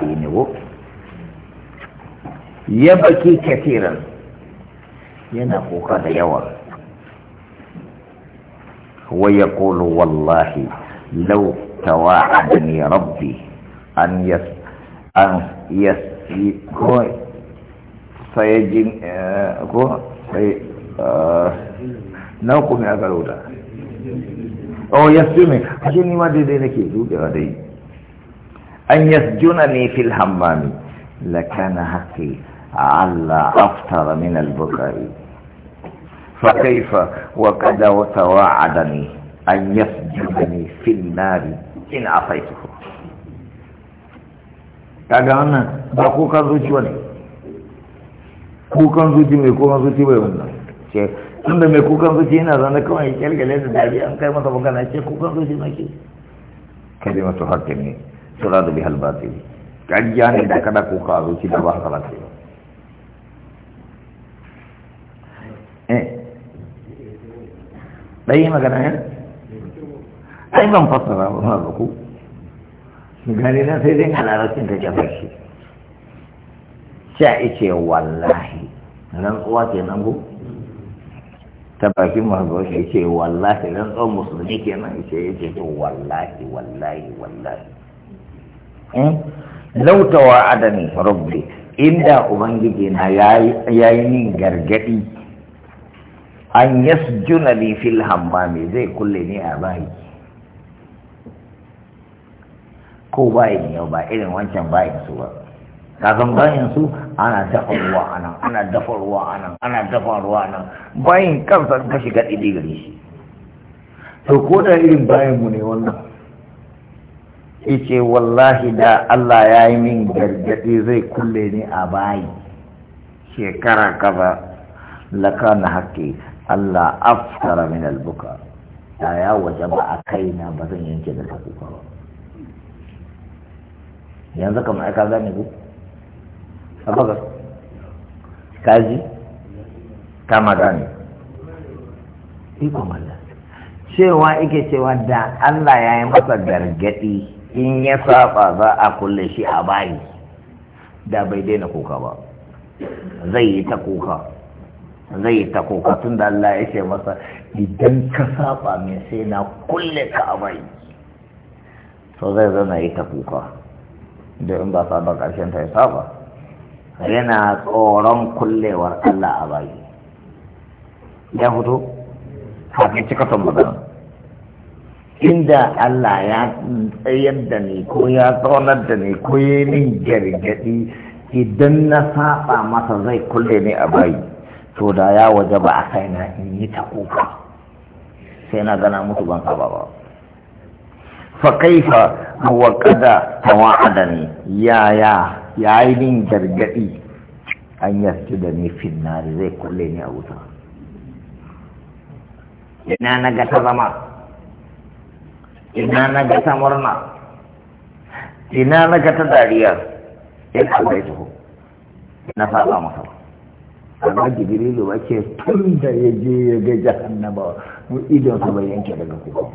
addini ko ya baki kafiran yana kuka da yawa wa ya kulu wallahi lau tawa tawa'adani rabbi an yas an yas ko sayajin eh, ko sai eh, na hukumi a garauta oh yas mai ashe nima daidai nake dubewa dai أن يسجنني في الحمام لكان حقي على أفطر من البكاء فكيف وقد وتواعدني أن يسجنني في النار إن عصيته kaga wannan ba kukan zuci wani kukan zuci mai kukan zuci bai wannan ce tunda mai kukan zuci yana zaune kawai kyalkyale da dariya an kai masa magana ce kukan zuci nake kalimatu haƙƙin ne turadu bihal batil ƙarya ne da kada ko ka zuci da ba haka ba eh ɗaya magana ya ai ban fassara ba ba ku ni na sai dai rasin ta jaba shi sha ice wallahi rantsuwa ke nan ku? ta ma mazo shi ce wallahi rantsuwa musulmi ke nan ce ce wallahi wallahi wallahi Hmm? lautawa adani rabbi inda ubangiji na yayi min gargadi an yasjuna li fil hammami zai kulle ni a bayi ko bayi yau ba irin wancan bayin su ba kafin bayin su ana dafa ruwa a nan, ana dafa ruwa a nan, ana dafa ruwa a nan, bayin kansa ka shiga ɗiɗi gari shi to ko da irin bayin mu ne wannan ce wallahi da Allah ya yi min gargaɗi zai kulle ni a bayi shekara kaza lakana haƙƙi Allah afkara min albuka da ya waje ba a kaina ba zan yanke da kuka ba yanzu kamar aika zane ku sabaga kaji kama gane ikon Allah cewa ike cewa da Allah ya yi masa gargaɗi in ya saba za a kulle shi a bayi da bai daina kuka ba zai yi ta kuka zai yi ta kuka tun da Allah ya ce masa idan ka saba mai sai na kulle ka a bayi so zai zana yi ta kuka da in ba saba ƙarshen ta ya saba yana tsoron kullewar Allah a bayi ya fito kafin cika magana inda Allah ya tsayar da ni ko ya zaunar da ni ko ya min gargadi, idan na saba masa zai kulle ni a bayi to da ya waje ba a kai na in yi ta kuka sai na gana mutu ban saba ba fa kaifa wa kada tawa'ada ni ya ya ya yi min gargadi, an yarki da ni finnari zai kulle ni a wuta ina na ga ta zama ina na ga ta murna ina na ga ta dariya in Allah tuhu Na saba masa amma jibrilu ba ce tun da ya je ya ga jahannama mu idon su bai yanke daga kuma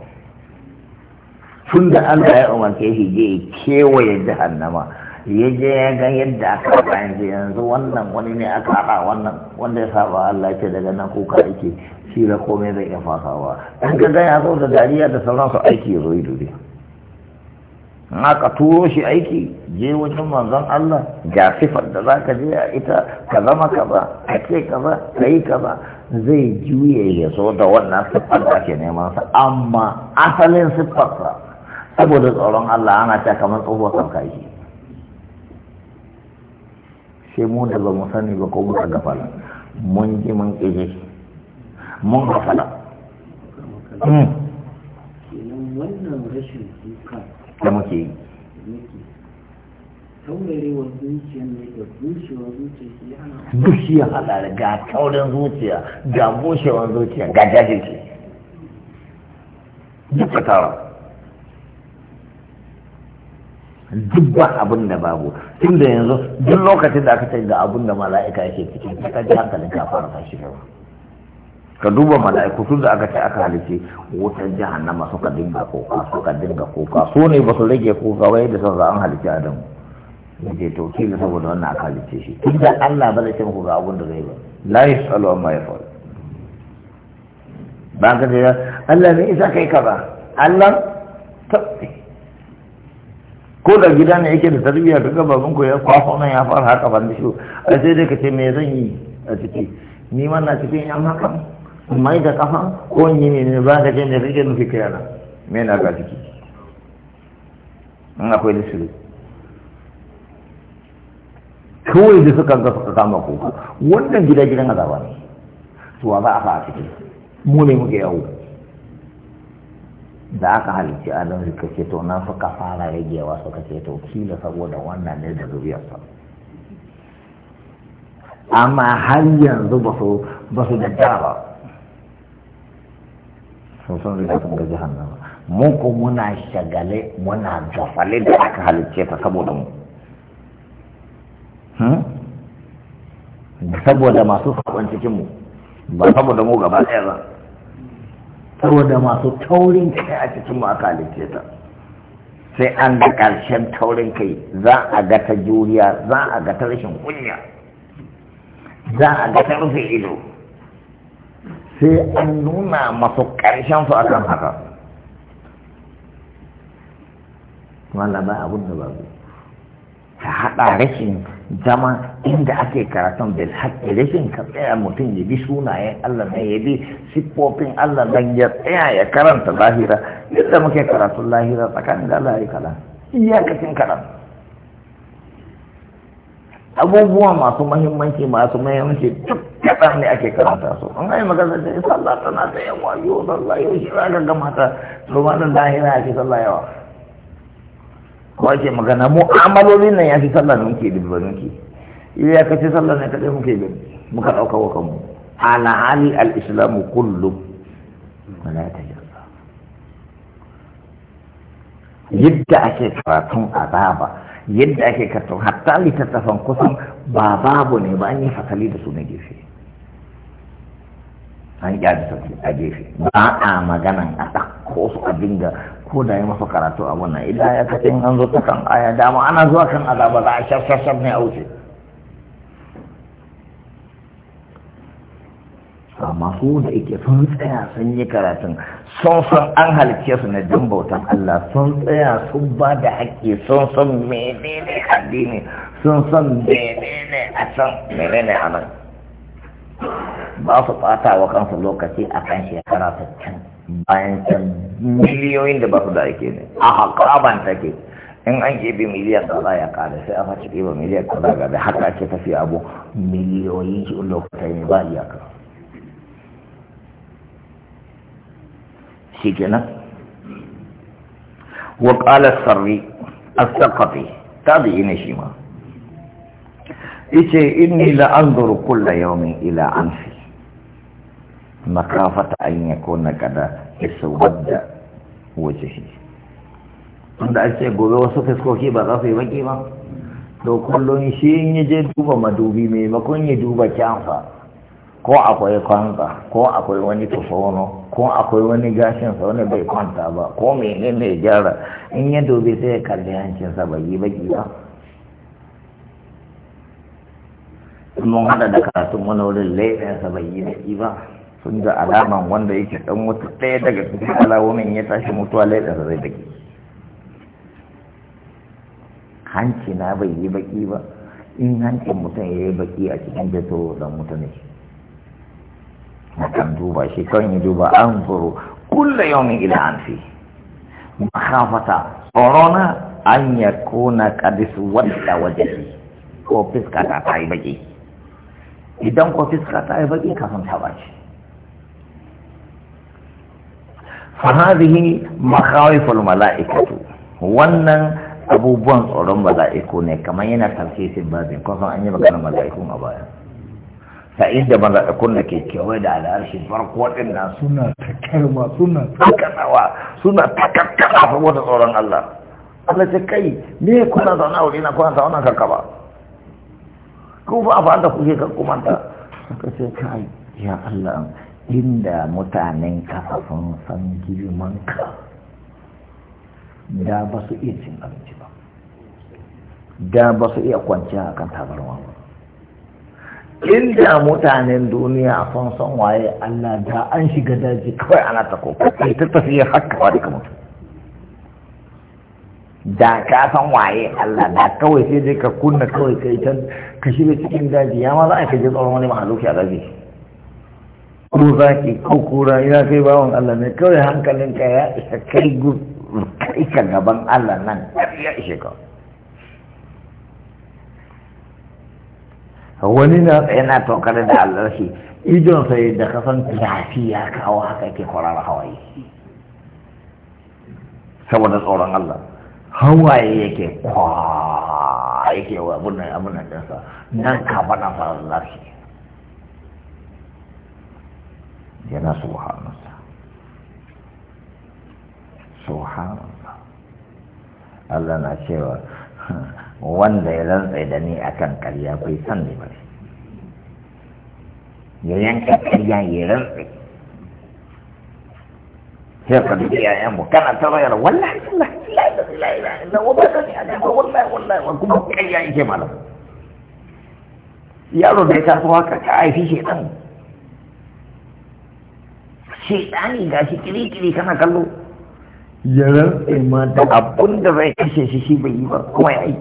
tun da Allah ya umarce shi je kewaye jahannama ya je ya ga yadda aka haɗa yanzu yanzu wannan wani ne aka haɗa wannan wanda ya saba Allah ce daga nan kuka aiki shi da komai zai iya fasawa in ka ga ya zo da dariya da sauran su aiki ya zo yi dole in aka turo shi aiki je wajen manzon Allah ga sifar da ka je a ita ka zama kaza a ce kaza ka yi kaza zai juye ya zo da wannan siffar da ake neman sa amma asalin siffarsa saboda tsoron Allah ana ta kamar tsohuwar sarkashi sai mu da ba mu sani ba ko muka gafala mun ji mun ƙije mun gafala hmm. wannan rashin kuka da muke yi taurarewar zuciyar da bushewar shi hana duk shi ga taurin zuciya ga bushewar zuciya ga jajirki, duk ta tara duk ba abin da babu tun da yanzu duk lokacin da aka ce da abin da mala'ika yake cikin ka ji hankalin ka fara tashi gaba ka duba mala'iku tun da aka ce aka halice wutar jahannama suka dinga kuka, suka dinga kuka, su ne ba su rage kuka, wai da sanza an halice adamu yake to ne saboda wannan aka halice shi tun da Allah ba zai ce muku ga abin da zai ba la yasalu amma yafal ba ka da Allah ne isa kai kaza Allah ta ko da gida ne yake da tarbiyya kaga baban ku ya kwafa nan ya fara haka ban shi ai sai dai kace me zan yi a ciki ni ma na cikin yan haka mai da kafa ko ni ne ne ba ka ce ne kake nufi kai na me na ga ciki in akwai lisiri kawai da suka ga suka kama kuka wannan gida gidan azaba ne to za a fa a ciki mu ne muke yawo da aka halicci adam suka ce to na suka fara ragewa suka ce to kila saboda wannan ne da zuriyarsa amma har yanzu ba su ba su da ba sun sun riga sun gaji hannun mun ko muna shagale muna gafale da aka halicce ta saboda mu hmm? saboda masu sakon cikin mu ba saboda mu gaba ɗaya ba saboda masu taurin kai a cikin makalice ta sai an ga ƙarshen taurin kai za a ga ta juriya za a ga ta rashin kunya za a ga ta rufe ido sai an nuna masu ƙarshen su akan haka wanda ba abin da ba ta haɗa rashin zama inda ake karatun bil haƙƙi rashin ka tsaya mutum ya bi sunayen Allah na ya bi siffofin Allah na ya tsaya ya karanta lahira yadda muke karatu lahira tsakanin da Allah ya kala iyakacin abubuwa masu mahimmanci masu mahimmanci duk kaɗan ne ake karanta su an yi magana da sallah tana da yawa yau sallah yau shi za ka ga mata to ma lahira ake sallah yawa kwace magana mu mu'amalolin nan ya fi sallah da muke dubba muke ya kace sallah ne kadai muke gani muka dauka wa kanmu ala hali al-islamu kullu wala tajalla yadda ake karatun azaba yadda ake karatun hatta litattafan kusan ba babu ne ba an yi fakali da su na gefe an yi a gefe ba a maganan a ɗauko su a dinga ko da ya masa karatu a wannan idan ya kace an zo ta kan aya dama ana zuwa kan azaba za a shafshaf ne a wuce amma ko da yake sun tsaya sun yi karatun sun san an halicce su na jin bautan Allah sun tsaya sun ba da haƙƙi sun san menene addini sun san menene a san menene a nan ba su ɓata wa kansu lokaci a kan shekara 60 bayan can miliyoyin da ba su da ake ne a haƙaban take in an bi miliyan kaza ya kada sai a ke ba miliyan kaza ga da haka ake tafi abu miliyoyin shi lokuta ne ba iyaka shi kenan wa ƙala sarri as-saqafi tabi'i ne shi ma yace inni la anzuru kulla yawmin ila anfi makafata an ya kona kada isa wadda wajihi wanda a ce gobe wasu fiskoki ba za su yi baki ba to kullum shi in yi je duba madubi maimakon yi duba kyanfa ko akwai kwanza ko akwai wani tufono ko akwai wani gashinsa wani bai kwanta ba ko menene ya gyara in ya dobe sai ya kalli hancinsa bai yi baki ba mun hada da karatun wani wurin laifinsa bai yi baki ba sun da alaman wanda yake dan wata ɗaya daga cikin alawomin ya tashi mutuwa laifin zai baki hanci na bai yi baki ba in hancin mutum ya yi baki a cikin jato dan mutane kan duba shi kan yi duba an zuru kulle min ila an fi makafata na an ya kona kadisu wadda wajen ko fiska ta yi baki idan ko fiska ta yi baki kafin ta bace فهذه مخاوف الملائكة wannan abubuwan tsoron mala'iku ne kamar yana tafsirin babin kusan an yi magana mala'ikun a baya ta inda mala'ikun da ke kewaye da al'arshi farko waɗanda suna takarwa suna takanawa suna takakkana saboda tsoron Allah Allah ce kai me kuna zauna wuri na kuna zauna kakkaba ko ba a fa'an da kuke kakkumanta suka ce kai ya Allah inda mutanen kasa sun san girman ka da ba su iya cin abinci ba da ba su iya kwanci a kan tabarwa ba inda mutanen duniya sun san waye Allah da an shiga daji kawai ana ta koko sai ta tafi yin haka wa duka mutum da ka san waye Allah da kawai sai dai ka kunna kawai kai can ka shiga cikin daji ya ma za a kaje tsoron wani mahaluki a daji ko zaki ko kura ina kai bawan Allah ne kawai hankalinka ya isa kai kai ka gaban Allah nan ya ishe ka wani na yana tokare da Allah shi idon sai da kasan tafi ya kawo haka yake kwarara hawaye saboda tsoron Allah hawaye yake kwa yake wa abunan abunan dinsa nan ka bana farar lafiya yana subhanallah Allah na cewa wanda ya rantsa da ni akan karya kai san ne ba ya yanka karya ya rantsa sai ka dubi yayan mu kana ta rayar wallahi wallahi wallahi la ilaha illa wa ba sani akan wallahi wallahi wa kuma karya yake malam yaro da ya taso haka ka aifi shi dan shaidani ga shi kiri-kiri kana kallo ya rantse ma abun da zai kashe shi shi bai yi ba kuma ya yi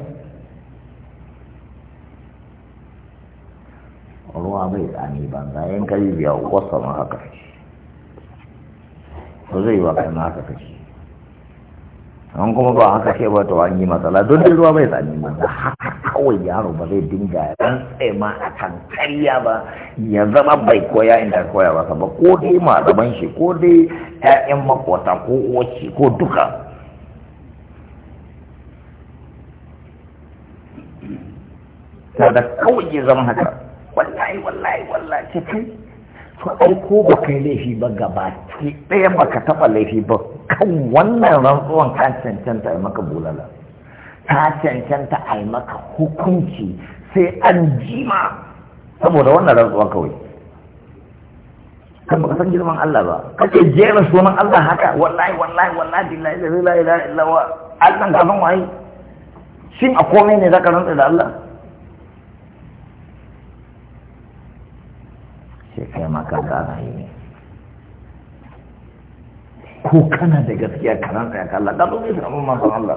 ruwa bai tsani banza yan kari biya wasa ma haka ba zai yi wa kai ma haka kashe an kuma ba haka ce ba to an yi matsala don dai ruwa bai tsani ba da haka kawai yaro ba zai dinga tsaye ma a kan karya ba ya zama bai koya inda koya ba ba ko dai malaman shi ko dai ƴaƴan makwata ko wace ko duka da kawai ya zama haka wallahi wallahi wallahi ce kai to ai ko ba kai laifi ba gaba ki ɗaya ba ka taɓa laifi ba kan wannan rantsuwan ta cancanta a maka bulala ta cancanta a maka hukunci sai an jima saboda wannan rantsuwan kawai kan baka san girman Allah ba kake jera sunan Allah haka wallahi wallahi wallahi billahi la ilaha illallah huwa Allah ka san wai shin a komai ne zaka rantsa da Allah sai kai ma ka gana yi ne ko kana da gaskiya kana tsaya ka Allah ka zo mai samun manzon Allah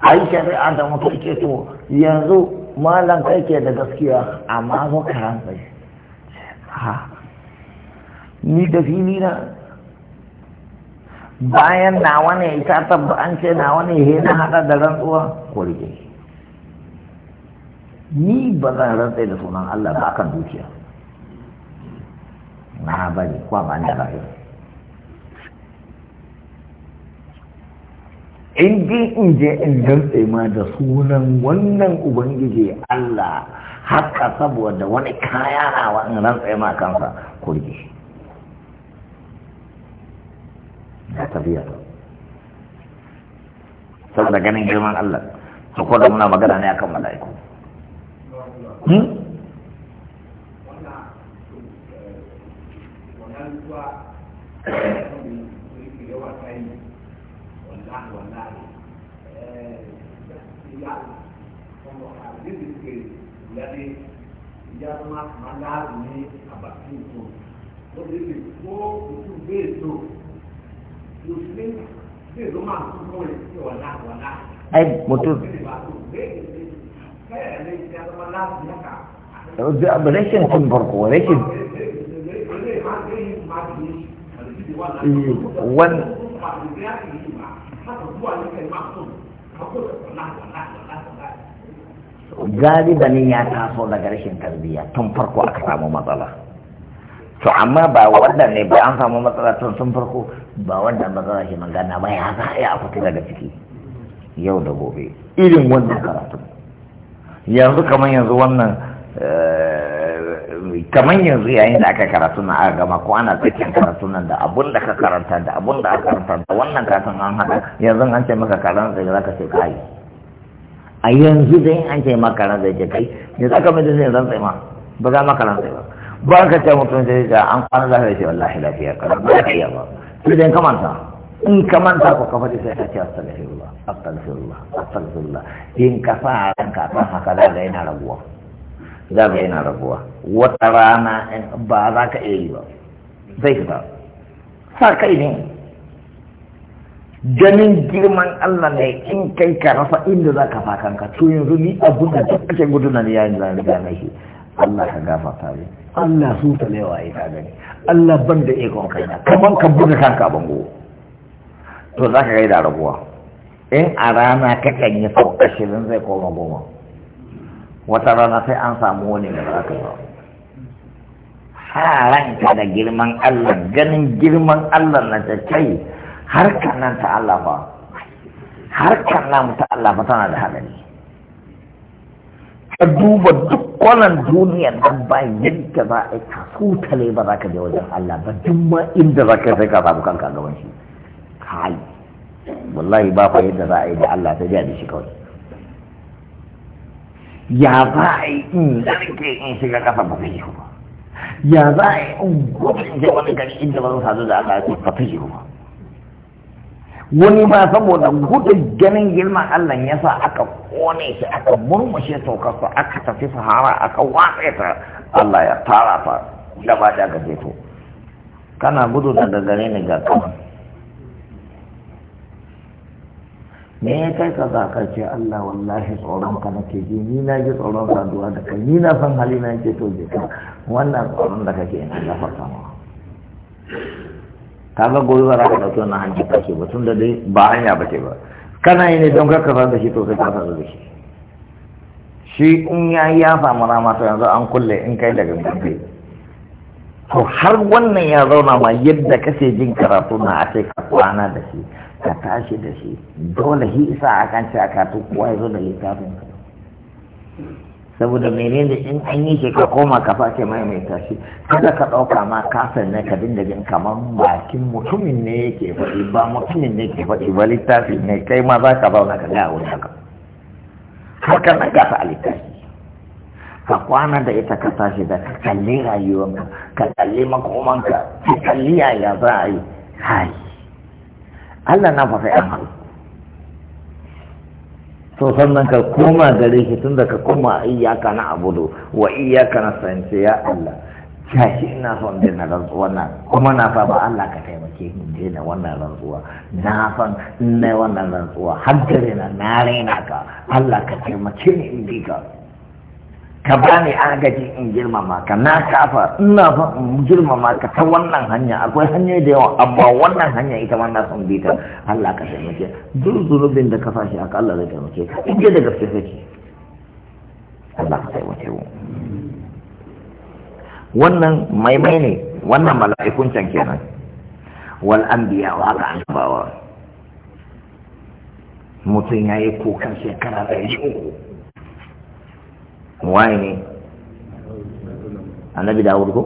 ai shari'a da mutum ke to yanzu malam kai ke da gaskiya amma zo ka rantsa ha ni da fili na bayan nawa ne ita tabba an ce nawa ne he na hada da rantsuwa ko rike ni ba zan rantsa da sunan Allah ba kan dukiya na bari kwa ban da rayuwa in dai in je in dantse ma da sunan wannan ubangiji Allah haka saboda wani kaya rawa in rantsa ma kansa kurji shi ya saboda ganin girman Allah su da muna magana ne akan mala'iku Thank you. dáhùn láàyè ìyá ọmọ àdéhùn pé ìyáde ìyá tó máa máa láàyè ní àbàtì ìtò ó lè lè kó ojú bẹ́ẹ̀ tó òṣèlú bẹ́ẹ̀ ló máa tún mọ́ ẹ̀ sí ọ̀la ọ̀la. ẹ mọ̀tò. rashin kun farko rashin galibanin ya taso daga rashin tarbiyya tun farko aka samu matsala to amma ba wannan ne ba an samu matsala tun sun farko ba wannan matsala shi magana ba ya za a yi a fita daga ciki yau da gobe irin wannan karatu yanzu kamar yanzu wannan eh, yi kamar yanzu yayin da aka karatu na aka gama ko ana cikin karatu nan da abun da ka karanta da abun da aka karanta da wannan kasan an haɗa yanzu an ce maka karan zai zaka ce kai a yanzu dai an ce maka karanta zai ce kai ne za ka mai zan tsaye ma ba za ma karanta ba ba ka ce mutum sai da an kwana za ka ce wallahi lafiya karan ba ka iya ba sai dai kamanta in ka manta ko ka faɗi sai ka ce astaghfirullah astaghfirullah astaghfirullah in ka sa ranka kan haka da yana raguwa za ga yana rabuwa wata rana ba za ka iya yi ba zai fita sa kai ne ganin girman Allah ne in kai ka rasa inda za ka fakan ka to yanzu ni abun da ake guduna ne yayin zan riga na shi Allah ka gafarta ne Allah su ta lewa ya ka gani Allah ban da ikon kai na kaman ka buga kanka bango to za ka gaida rabuwa in a rana kakan yi sau ashirin zai koma goma wata rana sai an samu wani da za ka zo haranka da girman Allah ganin girman Allah na ta kai harkar nan ta Allah ba harkar ta Allah ba tana da hadari ka duba duk kwanan duniyar da ba yadda za a ka tutale ba za ka je wajen Allah ba duk ma inda za ka sai ka samu kanka gaban shi kai wallahi ba fa yadda za a yi da Allah ta jiya da shi kawai ya za a yi in zarge in shiga kasa ba zai yiwu ya za a yi in gobe in je wani gari inda ba zan sadu da Allah ce ba zai yiwu ba wani ba saboda gudun ganin girman Allah ya sa aka kone shi aka murmushe saukarsa aka tafi sahara aka watsa ta Allah ya tara ta ba da gaje to kana gudu daga gare ni ga kama me ya kai ka za ka ce Allah wallahi tsoron ka nake ji ni na ji tsoron saduwa da kai ni na san hali na ce toje ka wannan tsoron da kake na farka ma ka ga gobe ba za ka dauki wannan hanyar ta ce ba tun da dai ba hanya ba ce ba kana yi ne don ka kasa da shi to sai ka kasa da shi shi in ya yi ya samu rama to yanzu an kulle in kai daga mutane, to har wannan ya zauna ma yadda kake jin karatu na a ce ka kwana da shi ka tashi da shi dole shi isa a kan ce a katu kowa ya zo da littafin ka saboda menene in an yi shi ka koma ka mai mai tashi kada ka ɗauka ma kasar ne ka dinga jin kamar bakin mutumin ne yake faɗi ba mutumin ne ke faɗi ba littafi ne kai ma za ka ba wani ka gaya wani haka haka na gasa a littafi ka kwana da ita ka tashi da ka kalli rayuwanka ka kalli makomanka ka kalli yaya za a yi hai Allah na fa sai an to sannan ka koma gare shi tun da ka koma iyaka na abudu wa iyaka na sance ya Allah gashi ina son daina rantsuwa kuma na fa ba Allah ka taimake ni daina wannan rantsuwa na san ina wannan rantsuwa har na na ka Allah ka taimake ni in ka ka ba ni agaji in girmama ka na kafa ina fa in girmama ka ta wannan hanya akwai hanya da yawa amma wannan hanya ita ma na son bita Allah ka taimake duk zunubin da ka fashi aka Allah zai taimake ka in da gaske kake Allah ka taimake mu wannan maimai ne wannan mala'ikun can kenan wal anbiya wa haka annabawa mutum yayi kukan shekara ɗari uku waye ne annabi dawud ko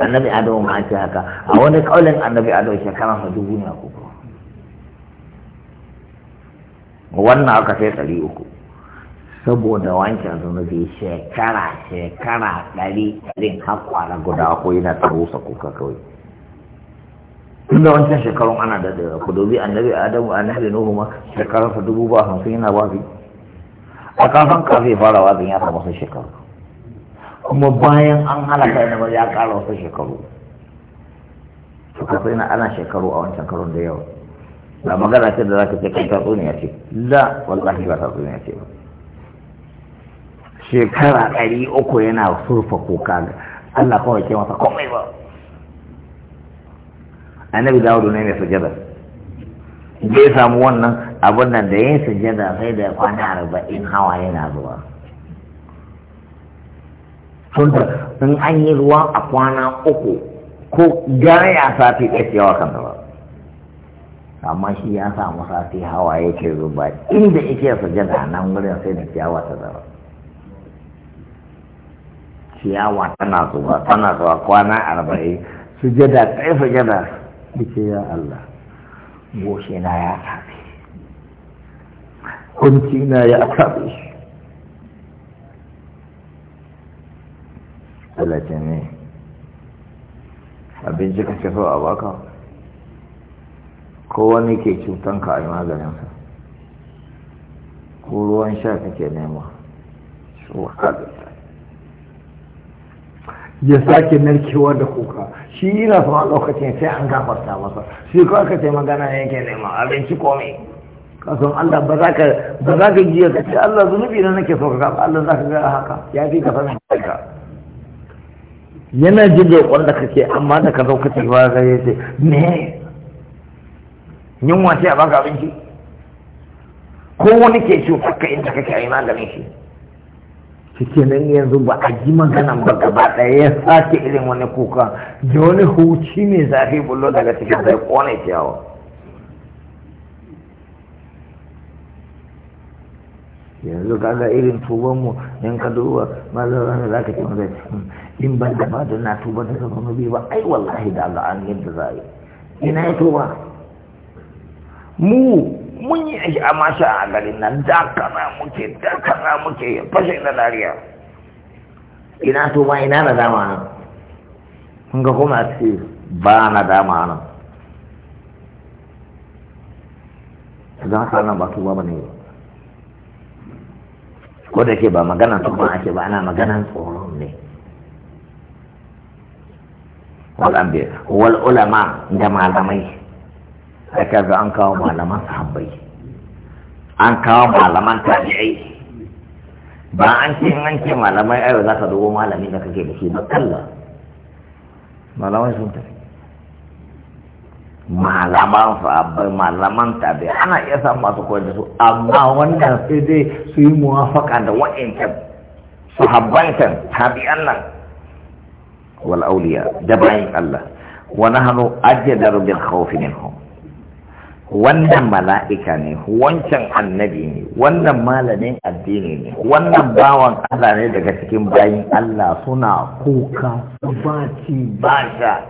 annabi ado ma ake haka a wani kaulin annabi adamu shekara sa dubu ne a kuka wannan aka sai tsari uku saboda wancan zai shekara shekara ɗari ɗarin na guda ko yana sa kuka kawai tunda wancan shekarun ana da ku dubi annabi adamu annabi nuhu ma sa dubu ba hamsin yana ba a kafin kafin fara wazin ya samu wasu shekaru kuma bayan an halaka yana ya kara wasu shekaru suka sai na ana shekaru a wancan karon da yawa ba magana ce da za ka ce kan tatsuniya ce la wallahi ba tatsuniya ce ba shekara ɗari uku yana surfa kuka Allah kawai ke masa komai ba annabi dawudu ne mai sujada da ya samu wannan abun nan da yin sujjada sai da kwana arba'in hawa yana zuwa tunda in an yi ruwa a kwana uku ko gaya sati ɗaya yawa kan zuwa, amma shi ya samu sati hawa yake zuba inda yake sujjada nan wurin sai da ciyawa ta zama ciyawa tana zuba tana zuwa kwana arba'in sujjada ɗaya sujjada yake ya Allah goshe na ya tafi kunci na ya kaɓe shi talatin ne abinci ka ce so a baka ko wani ke cutanka a yi maganinsa ko ruwan sha kake nema ya sake narkewa da kuka shi yi na sama lokacin sai an gafarta masa shi ko aka ce magana yake nema abinci komai kasan Allah ba za ka ba za ka jiya ka ce Allah zunubi na nake so ka Allah za ka ga haka ya fi ka sanin ka yana jin da ka kake amma da ka zo ka tafi ba ka yi ce me yin ce a baka abinci ko wani ke ko ka inda kake a yi maganin shi Ke nan yanzu ba a ji maganan ba gaba ɗaya ya sake irin wani kuka da wani huci mai zafi bullo daga cikin zai kone ciyawa yanzu kaga irin tuban mu in ka duba malar rana za ka ce wanda hmm, in ban da ba na tuba da zama mabi ba ai wallahi da Allah an yadda za yi ina ya tuba mu mun yi aiki a masha a garin nan da kaza muke da kaza muke fashe na dariya ina tuba ina na dama nan Mun ga kuma ce ba na dama nan idan haka nan ba tuba ba ne ba ko da ke ba magana tuban ake ba ana maganan tsoro ne wal ulama da malamai ka ga an kawo malaman sahabbai an kawo malaman tabi'ai ba an ce an ce malamai ayo za ka dubo malami da kake da shi ba kalla malamai sun tafi malaman sahabbai malaman tabi ana iya sa masu koyar da su amma wannan sai dai su yi muwafaka da wa'incan sahabban can tabi'an wal auliya da bayan Allah wa nahnu ajdaru bil khawfi minhum wannan mala'ika ne wancan annabi ne wannan malamin addini ne wannan bawan Allah ne daga cikin bayin Allah suna kuka ba ci ba sha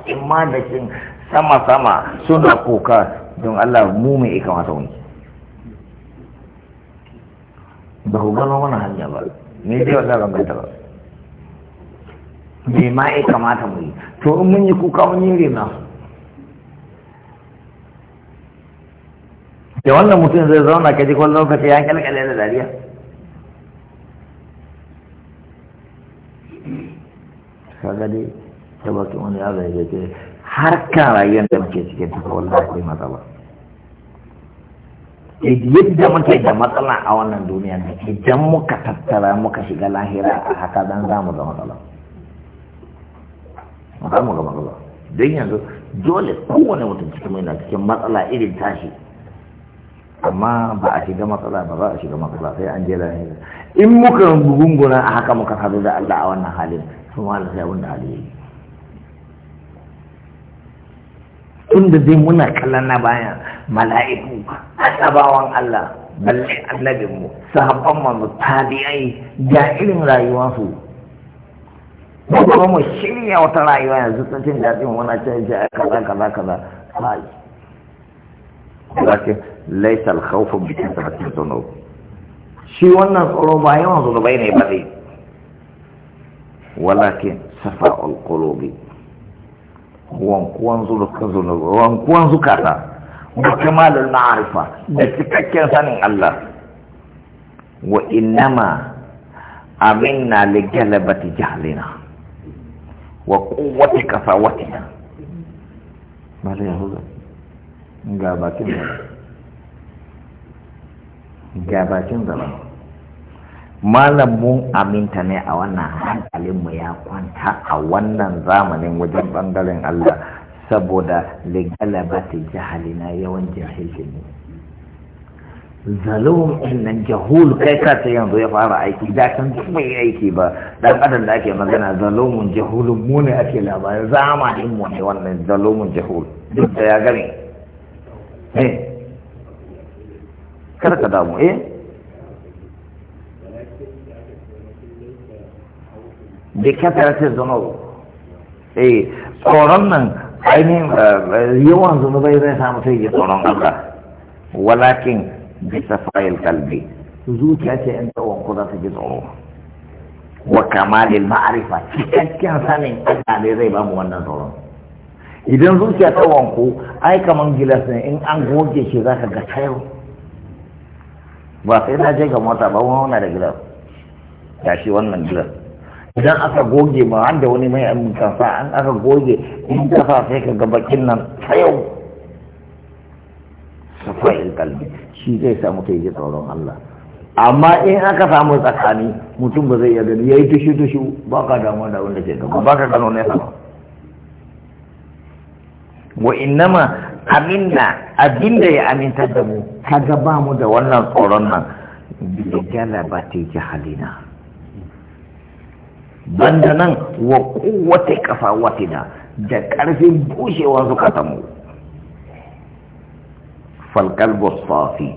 sama-sama suna kuka don Allah mu mai ika mata wani ba ku gano wani hanya ba ne dai wannan ban ganta ba me ma ika mata mu yi to in mun yi kuka mun yi rena da wannan mutum zai zauna ka ji kwallon lokaci ya kyalkyale da dariya ka dai ta baki wani ya zai zai harka rayuwar da muke cikin ta wallahi akwai matsala yadda muke da matsala a wannan duniya idan muka tattara muka shiga lahira a haka dan za mu ga matsala za mu ga matsala don yanzu dole kowane mutum cikin mai na cikin matsala irin tashi amma ba a shiga matsala ba za a shiga matsala sai an je lahira in muka gunguna a haka muka sadu da Allah a wannan halin sun wala sai abin da hali tun da zai muna kallon na baya mala'iku annabawan Allah balle annabinmu sahabban manzo tabi'ai ga irin rayuwarsu ko kuma mu shirya wata rayuwa yanzu ta jin daɗin wani can ji kaza kaza kaza kai lakin laysa al-khawfu bi kasratin dhunub shi wannan tsoro ba yawan zunubai ne ba dai. walakin safa'ul qulubi wankuwan wankuwan zukata da na ma'arifa da cikakken sanin Allah wa innama aminna li galabati jahlina wa quwwati kafawatina mala yahuda ga bakin ga bakin zama malam mun aminta ne a wannan hankalinmu ya kwanta a wannan zamanin wajen bangaren Allah saboda ta jahalina yawan jahilci ne zalum nan jahul kai ka ta yanzu ya fara aiki da kan kuma mai aiki ba dan adam da ake magana zalumun jahulun mu ne ake labarin zamanin mu ne wannan zalumun jahul duk da ya gane eh kar ka damu eh da kasarce zunubu eh tsoron nan ainihin eh, eh, yawan zunubai zai samu sai ya tsoron Allah walakin bisa qalbi kalbi zuciya ce in tsawon ku za ta ji tsoro wa kamalil ma'arifa cikakken sanin Allah ne zai bamu wannan tsoron idan zuciya tsawon ku ai kaman gilas ne in an goge shi za ka ga tayo ba sai na je ga mota ba wannan da gilas ya shi wannan gilas idan aka goge ba wanda da wani mai aminta sa an aka goge in kafa sai ka ga bakin nan ta yau safa'il kalbi shi zai samu ta yi tsoron Allah amma in aka samu tsakani mutum ba zai iya gani yayi tushu tushu ba ka damu da wanda ke gaba ba ka gano nesa ba wa innama aminna abinda ya amintar da mu ka ba mu da wannan tsoron nan bi yi jahalina banda nan wa kowace kafa wata da ƙarfin bushewa zukatanmu falkar safi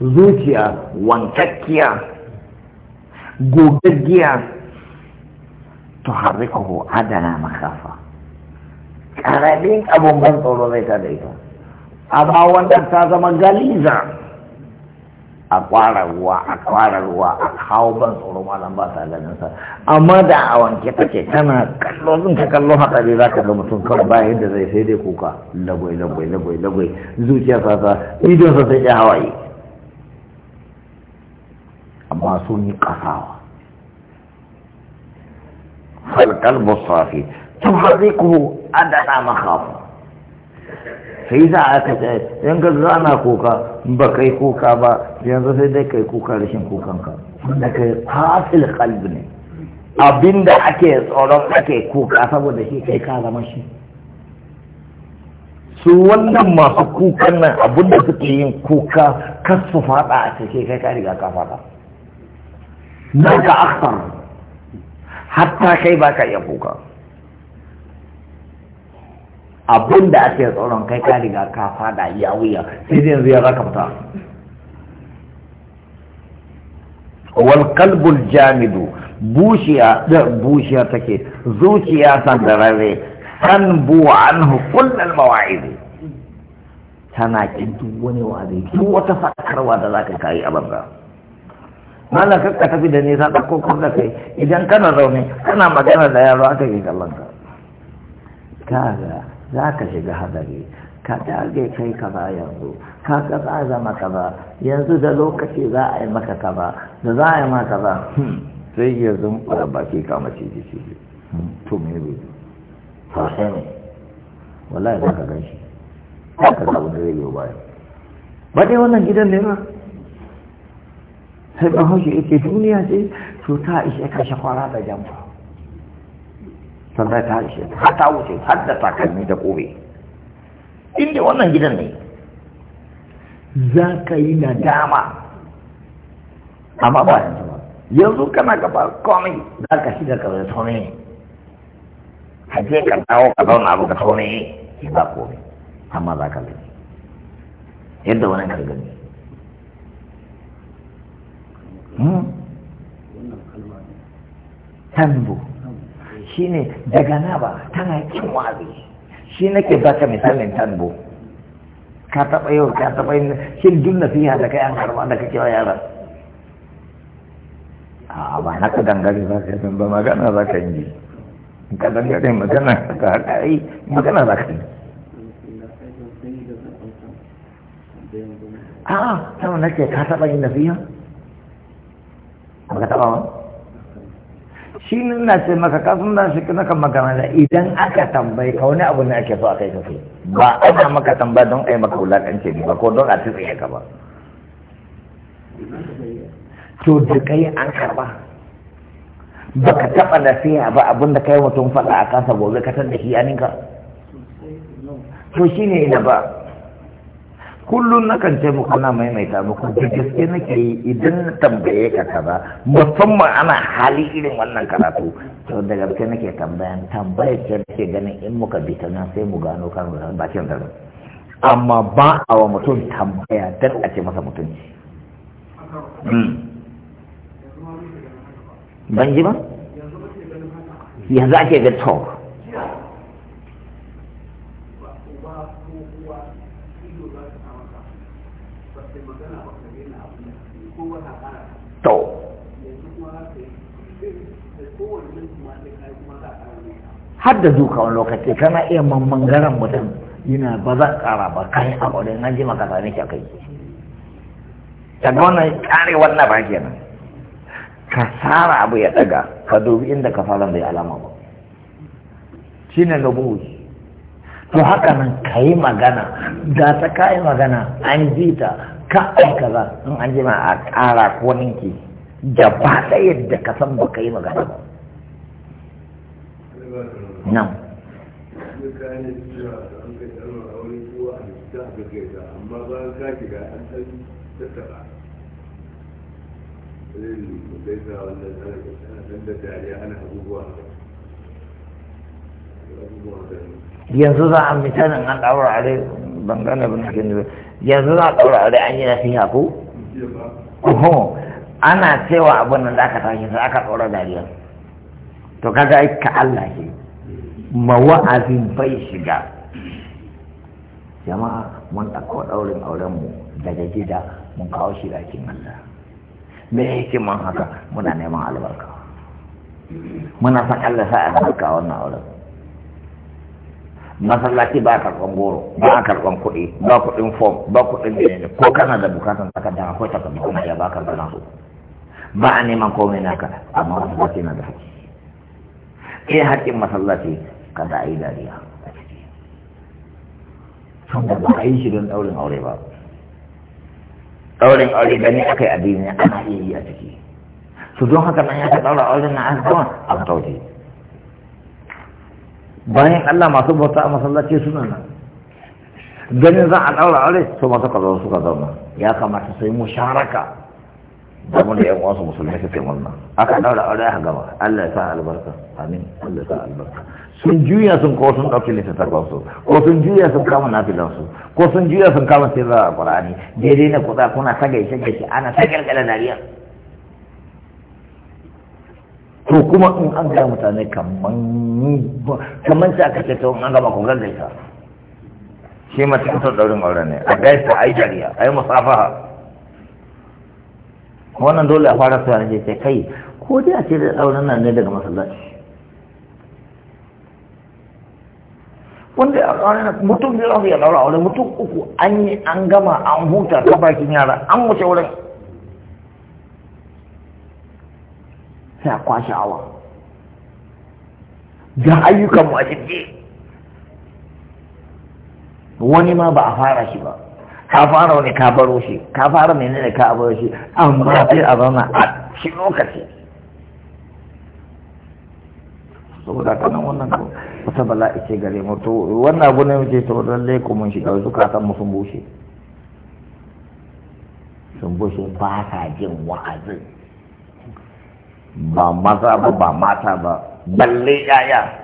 zuciya wankakkiya gogaggiya ta kogo adana makafa ƙaramin abin ban tsoro zai ta da ita a ba ta zama galiza a kwara ruwa a kwara ruwa a hau ban tsoro malam ba sa ganin sa amma da a wanke take tana kallo zin ka kallo hatsari za ka ga mutum kawai ba yadda zai sai dai kuka lagwai lagwai lagwai lagwai zuciya sa sa idon sa sai ya hawaye amma sun yi kasawa falkal musafi tuhazikuhu adana makhafu sai za a ka ce yan ka zana kuka ba kai kuka ba yanzu sai dai kai kuka rashin kukanka da kai fasil kalbi ne abinda ake tsoron ake kuka saboda shi kai ka zama shi su wannan masu kukan nan abinda suke yin kuka kas su fada a cikin kai kari riga kafa ba, nan ka aksar hatta kai ba ka iya kuka abun da ake tsoron kai ka riga ka fada ya wuya sai zai yanzu ya zaka fita wal kalbul jamidu bushiya da bushiya take zuciya sandarare san buwa anhu kullal mawa'id tana kin duk wani wa'azi duk wata fakarwa da zaka kai a banza mana ka tafi da nisa da ko kun da kai idan kana zaune kana magana da yaro aka yi kallon ka kaga za ka shiga hadari ka dage kai ba yanzu ka a zama ba yanzu da lokaci za a yi maka ba da za a yi maka ba sai ya da baki kama mace jiki hmm, to me bai sosai ne wallahi za ka gan shi za ka zaɓi da ba bayan ba dai wannan gidan ne ba sai ɗan haushi ake duniya ce to ta ishe kashe kwara da jamfa sannan ta harshe har ta wuce har da takalmi da kobe inda wannan gidan ne za ka yi na dama amma ba yanzu ba yanzu kana gaba komai za ka shiga ka zai tone haje ka dawo ka zauna abu ka tone ba komai amma za ka gani yadda wani ka gani hmm? tambo shine daga na ba tana kin wazi shi nake baka misalin tanbo ka taba yau ka taɓa yin shin duk nasiha da kai an karɓa da kake wa yaran a ba na ka dangare ba ka ba magana za ka yi ka dangare magana ka haka magana za ka yi a'a ta nake ka taɓa yin nasiha ba ka taba ba shi na ce maka kasan da shi na kan da idan aka tambayi ka wani abu ne ake so a kai ka ba ana maka tambaya don a yi maka wulakance ne ba ko don a tsaye ka ba to da kai an karba ba ka taɓa siya ba abin da kai mutum faɗa a kasa gobe ka da shi ninka to shi ne ina ba kullum na kan taimaka na maimaita muku da gaske nake yi idan tambaye ka kaza musamman ana hali irin wannan karatu to da gaske nake tambaya tambaya ce nake ganin in muka bi ta sai mu gano kan bakin zarin amma ba a wa mutum tambaya dan a ce masa mutunci hmm. ban ji ba yanzu ake ga talk har da duka wani lokaci kana iya mangaren mutum yana ba za kara ba kai a kwarin an ji maka sami shi kai daga wannan kare wannan ba kenan ka tsara abu ya daga ka dubi inda ka fara bai alama ba shi ne lubuwi to haka nan ka yi magana da ta ka yi magana an ji ta ka aika za in an ji ma a kara ko ninki gaba ɗaya da ka san ba ka yi magana ba nan yanzu za a misalin an ɗaura are ban gane bin hakin yanzu za a ɗaura are an yi nasiha ko? ana cewa abin da aka tashi sai aka ɗora dariya to kaga ai ka Allah ke mawa'azin bai shiga jama'a mun ɗauko ɗaurin aurenmu daga gida mun kawo shi ɗakin Allah me mun haka muna neman albarka muna san Allah sa albarka wannan auren masallaci ba karɓan goro ba a karɓan kuɗi ba kuɗin fom ba kuɗin gine ko kana da bukatan ko akwai takarda kuma ya baka kana so ba a neman komai naka amma masallaci na da haƙƙi ke haƙƙin masallaci kada a yi dariya a ciki tunda ba a yi shi don ɗaurin aure ba ɗaurin aure gani aka yi addini ana iya yi a ciki su don haka nan ya ta ɗaura aure na asibawan a tauje bayan Allah masu bauta a masallaci suna nan ganin za a ɗaura aure su masu kazo suka zauna ya kamata sai mu sharaka kamar da yan wasu musulmi suke wannan aka daura aure a gaba Allah ya sa albarka amin Allah ya sa albarka sun juya sun ko sun ɗauki dauki ta su ko sun juya sun kama nafilan su ko sun juya sun kama sai za a Qur'ani daidai na kuɗa kuna ta gaishe da shi ana ta galgala dariya to kuma in an gaya mutane kamar kaman sai aka ce to an gama kun gaisa shi ma ta daurin aure ne a gaisa a ai jariya yi musafaha wannan dole a fara suwa ne ce kai ko dai a ce da tsaunin nan ne daga masallaci wanda a tsaunin mutum biyu za su iya ɗaura aure mutum uku an yi an gama an huta ta bakin yara an wuce wurin sai a kwashe awa ga ayyukan mu a jirgi wani ma ba a fara shi ba ka fara wani ka baro shi ka fara menene ka baro shi amma sai a zauna a shi lokaci saboda kana wannan ko wata bala ce gare mu to wannan abu ne muke to lalle ko mun shiga wasu kasan mu sun bushe sun bushe ba sa jin wa'azin ba maza ba ba mata ba balle yaya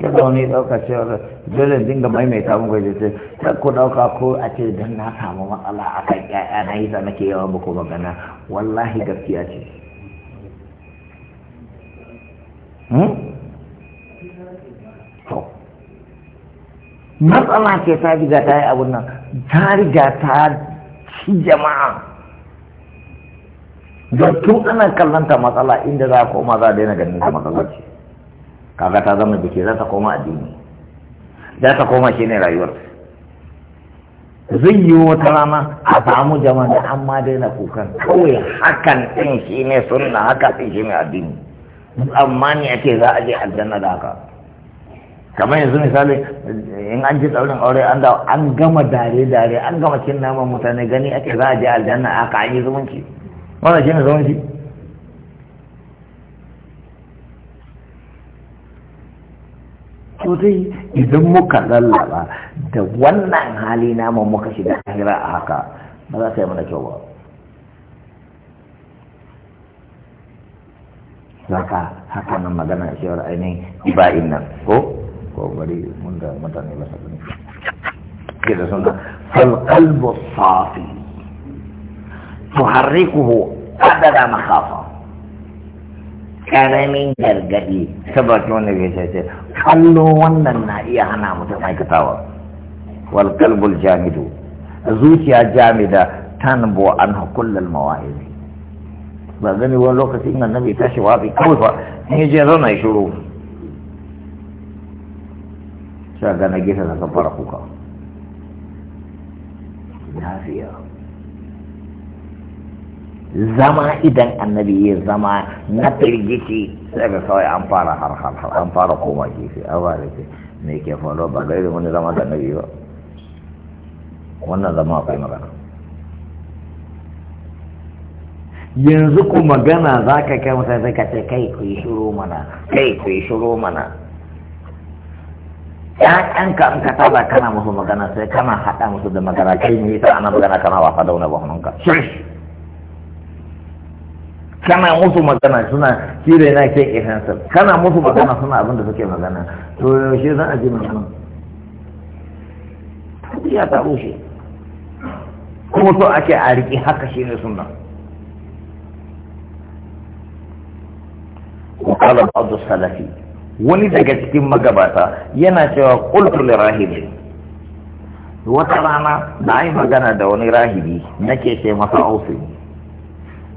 kada wani ɗauka cewar dole dinga maimaita mu gwaje ce Ta ku ɗauka ko a ce dan na samu matsala a kan ƴaƴa na yasa nake yawa ba ko magana wallahi gaskiya ce hmm? matsala ce ta riga ta yi abun nan ta riga ta ci jama'a don tun ana kallon ta matsala inda za a koma za a daina ganin ta matsala ce kaga ta zama biki za ta koma addini za ta koma shine rayuwar zai yi wata rana a samu jama'a da an ma daina kukan kawai hakan ɗin shi ne sunna haka ɗin shi ne addini amma a ake za a je aljanna da haka kamar yanzu misali in an ji tsaurin aure an da an gama dare dare an gama cin naman mutane gani ake za a je aljanna haka, an yi zumunci wannan ne zumunci to dai idan muka lallaba da wannan hali namu muka shiga hira a haka ba za ta yi mana kyau ba za ka haka nan magana cewar ainihin iba'in nan ko ko bari mun da mutane ba su ke da suna falqalbu safi tuharrikuhu adada makhafa karamin gargadi saboda wanda bai sai kallo wannan na iya hana mutum aikatawa wal kalbul jamidu zuciya jamida tanbo an kullal mawa'izi ba gani wani lokaci ina nabi tashi watsi kawai fa in je zauna ya shuru sha gana gefe na fara kuka lafiya zama idan annabi ya zama na firgici sai ga kawai an fara har har har an fara koma gefe ba da ke me ke faru ba gairin wani zama da annabi ba wannan zama akwai magana yanzu ku magana za ka kai masa sai ka ce kai ku yi shiro mana kai ku yi shiro mana ƴaƴanka in ka taba kana musu magana sai kana haɗa musu da magana kai me yasa ana magana kana wasa da wani bahananka shirin kana musu magana suna kire yana ke ihansa kana musu magana suna abin da suke magana to yaushe za a ji magana ya ta rushe kuma so ake a riƙi haka shi ne suna وقال ba'adu salafi wani daga cikin magabata yana cewa ƙulƙul rahibi wata rana na yi magana da wani rahibi nake ce masa ofis.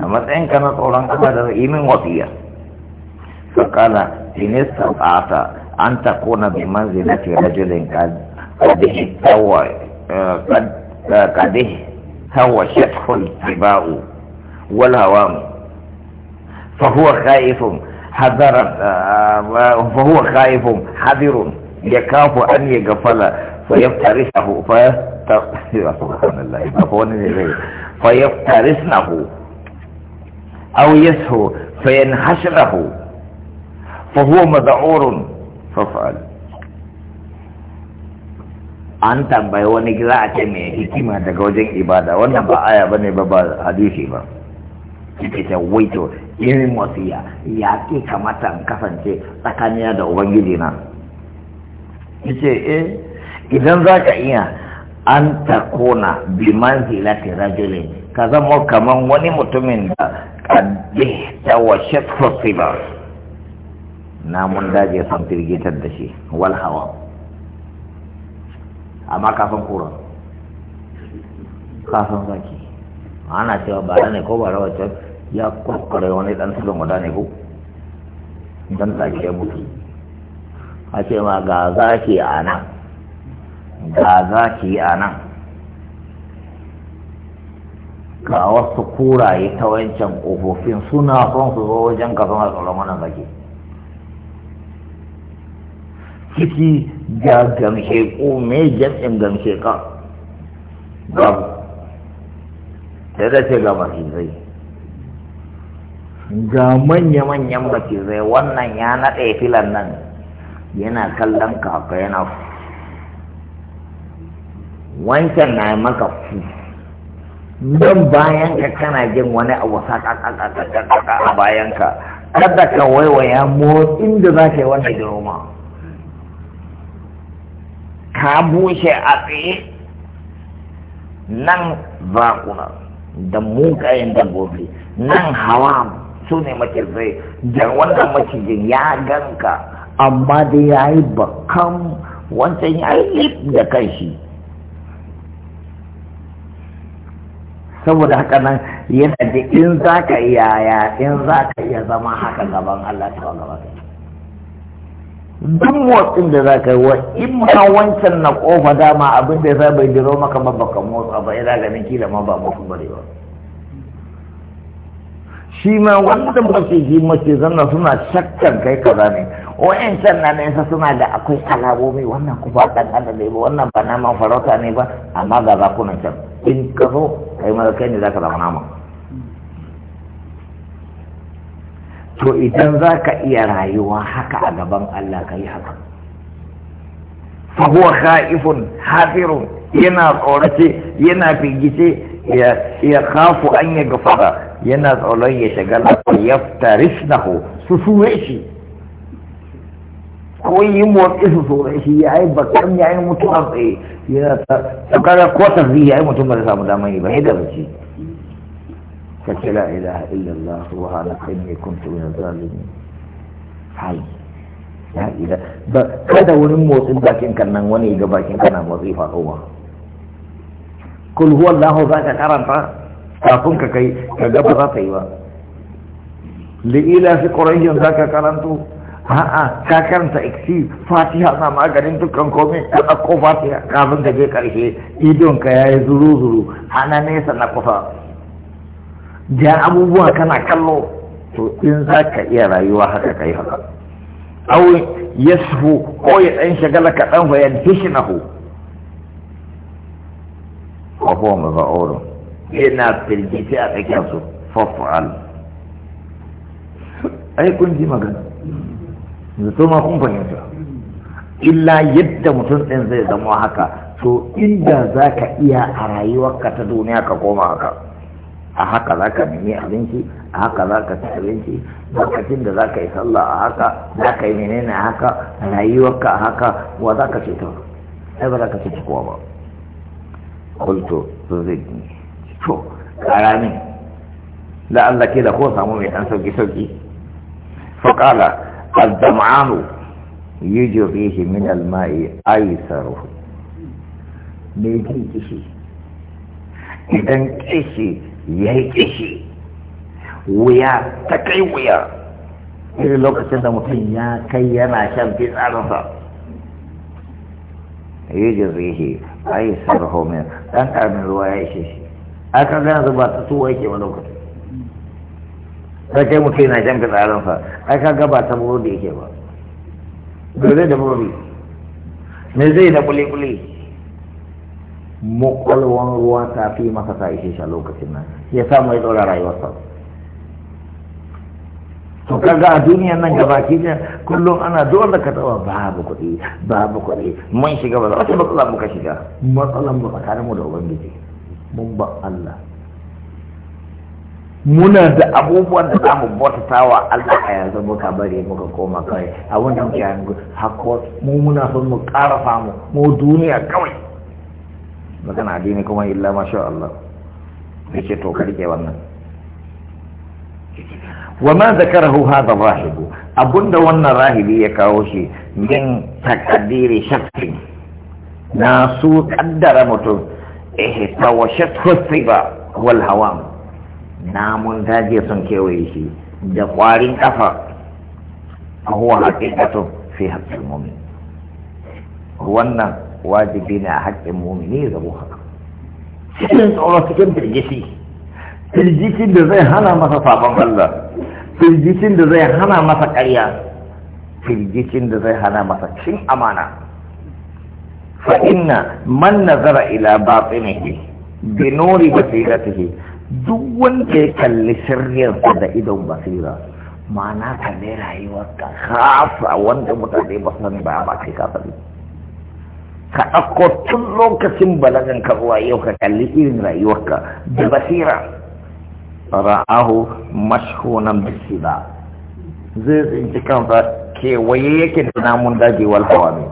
a matsayin ka na tsoron Allah da yi min wasiya fakala in istata an takuna bi manzilati rajulin qad ihtawa qad qad hawa shathul tibau wal hawamu. فهو خائف حذر فهو خائف حذر يخاف أن يغفل فيفترسه فيفترسه سبحان الله فيفترسه أو يسهو فينحشره فهو مذعور فافعل an tambayi wani za a ce mai hikima daga wajen ibada wannan ba aya bane ba ba hadisi ba yake ce waito irin wasiya ya ke kamata in kasance tsakaniya da ubangiji na yace eh idan za ka iya an takona bi manzilati rajulin ka zama kaman wani mutumin da kadde ta washe na namun daji san firgitar da shi wal hawa amma kafin kura kafin zaki ana cewa bara ne ko bara wacce ya kwakware wani dan silin wada ne ko dan ya mutu a ce ma ga zaki a nan ga zaki a nan ga wasu kuraye ta wancan ƙofofin suna son su zo wajen ka suna tsoron wannan zaki ciki ga gamshe ko me jam'in gamshe ka babu ta da ce ga macizai ga manya-manyan macizai wannan ya naɗe filan nan yana kallon kafa yana wancan na maka fufu don bayan ka kana jin wani abu a bayan ka kada ka waiwaya motsin da za ka yi wannan girma ka bushe a tsaye nan zakuna da mugayen dabbobi nan hawa su ne zai, da wannan macijin ya ganka amma da ya yi bakan wancan ya yi da shi saboda haka nan yana da in za ka iya ya in za ka iya zama haka gaban Allah ta wa gaba duk motsin da za ka yi wa in ma wancan na kofa dama abin da ya bai jiro maka ba baka motsa ba ina nan kila ma ba muku bare ba shi ma su yi mace zanna suna shakkan kai kaza ne can na nesa suna da akwai alamomi wannan kuma ɗan adam ne ba wannan ba naman farauta ne ba amma ga zakunan can in ka zo kai mara kai ne za ka zama naman to idan za ka iya rayuwa haka a gaban Allah ka yi haka fahuwa ka'ifun hafirun yana tsorace yana firgice ya kafu an ya gafara yana tsoron ya shagala ya tarif su shi ko yin motsi su tsoron shi ya yi bakan ya yi mutuwa tsaye ya tsakarar ko zai ya yi mutum ba da samu damar yi ba ya da Ka kace la ilaha illallah subhanaka inni kuntu na zalimi hai ya ila ba kada wani motsin bakin kan nan wani ga bakin kana motsi faɗowa kul huwa allah za ka karanta kafin ka kai ka gaba za ta yi ba li'ila fi quraish za ka karanto a'a ka karanta iksi fatiha na maganin dukkan komai ka ɗauko fatiha kafin ka je karshe. idon ka yayi zuru zuru ana nesa na kusa. ja abubuwa kana kallo to in za ka iya rayuwa haka kai haka au yasfu ko ya ɗan shagala ka ɗan bayan hishinahu wa huwa oro yana firgiti a tsakiyarsu fafa'al ai kun ji magana zato ma kun fahimta illa yadda mutum ɗin zai zama haka to inda za ka iya a rayuwarka ta duniya ka koma haka a haka za ka nemi abinci a haka za ka ci abinci lokacin da za ka yi sallah a haka za ka yi menene a haka rayuwarka a haka wa za ka ce ta ai ba za ka ce ta kowa ba kulto to zai to kara da Allah ke da ko samu mai ɗan sauki sauki faƙala الظمعان فيه من الماء ايسر ميجي كشي إذن كشي يهي كشي ويا تكي ويا إذا لو كنت مطين يا كي أنا شمتين فيه أيسر هو من أنت من رواية شيء أكا كان ضباطة ويجي ولو كنت sai kai mutum yana shan fitsarinsa ai ka gaba ta burodi yake ba dole da burodi me zai da kuli-kuli mukwalwan ruwa ta fi masa ta ishe shi a lokacin nan ya samu ya ɗora rayuwarsa to kaga a duniyan nan gaba ki kullum ana dole ka taba babu kuɗi babu kuɗi mun shiga ba za wata matsala muka shiga matsalan mu tsakanin mu da ubangiji mun ba Allah muna da abubuwan da za mu bautata wa Allah a yanzu muka bari muka koma kawai a wannan kiyan hako mu muna son mu ƙara samu mu duniya kawai magana addini kuma illa masha Allah yace to karke wannan wa ma zakarahu hadha rahibu abunda wannan rahibi ya kawo shi min takaddiri shakki na su kaddara mutum ihta wa shakku wal hawam namun daji sun kewaye shi da kwarin kafa a huwa haƙiƙatun fi haƙƙin mumin wannan wajibi ne a haƙƙin mumini zabo haka cikin tsoro cikin firgisi firgisin da zai hana masa sabon Allah firgisin da zai hana masa ƙarya firgisin da zai hana masa cin amana fa inna man nazara ila batinihi bi nuri basiratihi duk wanda ya kalli sirriyarsa da idon basira ma'ana ka ne rayuwarka kasa wanda mutane ba sani ba ba kai kasa ne ka ɗauko tun lokacin balagan ka zuwa yau ka kalli irin rayuwarka da basira ra'ahu mashhunan bisida zai tsinci kansa kewaye yake da namun daji wal ne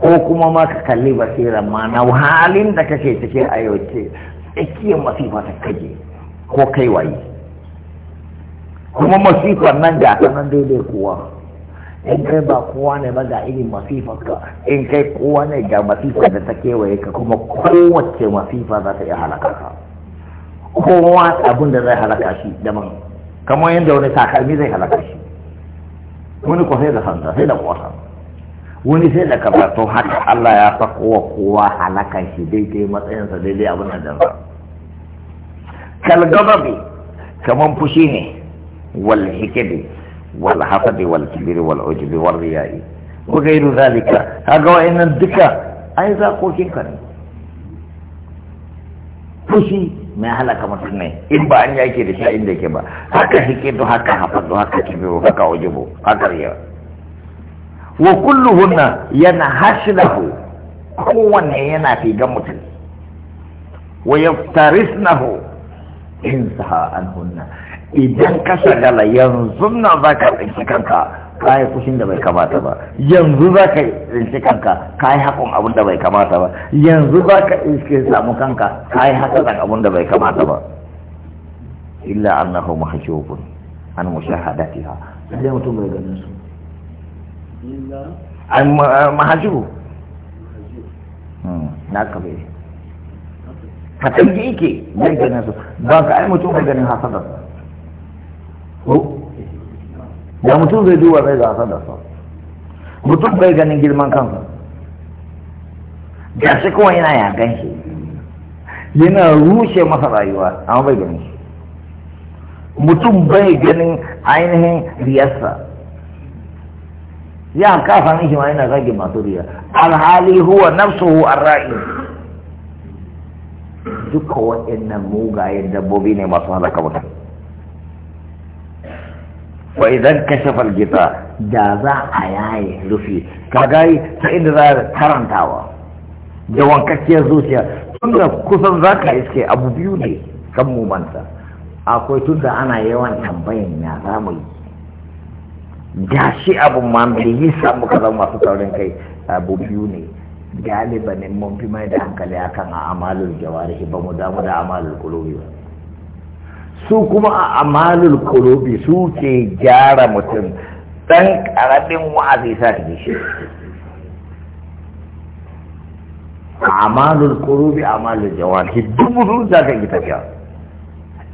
ko kuma ma ka kalli basira ma'ana halin da kake cikin a yau ce tsakiyar masifa ta kaje ko kai waye kuma masifar nan ga ta nan daidai kowa in kai ba kowa ne ba ga irin masifar ka in kai kowa ne ga masifar da ta kewaye ka kuma kowace masifa za ta iya halaka ka kowa abin da zai halaka shi daban kamar yadda wani takalmi zai halaka shi wani ko sai da sanda sai da kwasa wani sai da kaza to haka Allah ya sa kowa kowa halakan shi daidai matsayinsa daidai abin da zai kalgababi kaman fushi ne wal hikidi wal hafadi wal kibiri wal ujubi wal riya'i ko gairu zalika kaga wa'annan duka ai ko ka ne fushi mai halaka mutum ne in ba an yake da shi inda yake ba haka hikidu haka hafadu haka kibiru haka ujubu haka riyai wa kulluhunna yana hashlahu kowanne yana fi ga mutum wa yaftarisnahu in saha an hunna idan ka shagala yanzu na za ka tsinci kanka ka yi fushin da bai kamata ba yanzu za ka tsinci kanka ka yi haƙon abin da bai kamata ba yanzu za ka iske samu kanka ka yi haƙon abin da bai kamata ba illa an na annahu mahjubun an ha sai mutum bai ganin su an mahjubu na kabe ka tange yake zai ganin su ba ka ai mutum ka ganin hasadar ko da mutum zai duba zai ga hasadar sa mutum bai ganin girman kansa ga shi kuma yana yakan shi yana rushe masa rayuwa amma bai ganin shi mutum bai ganin ainihin riyarsa ya kafa mishi ma yana zage masu riya alhali huwa nafsuhu arra'i duka waɗannan mugayen dabbobi ne masu halaka mutum wa idan ka kashafa gita da za a yaye rufi ka gayi ta inda za a karantawa da wankakkiyar zuciya da kusan za ka iske abu biyu ne kan mumanta akwai tun da ana yawan tambayin ya za mu yi gashi abun ma mai yi samu kaza masu saurin kai abu biyu ne galibanin mun fi mai da hankali akan a amalul jawarihi ba mu damu da amalul kulubi ba su kuma a amalul kulubi su ke gyara mutum dan karamin wa'azi sa ta shi amalul kulubi amalul jawarihi dubu za ka yi tafiya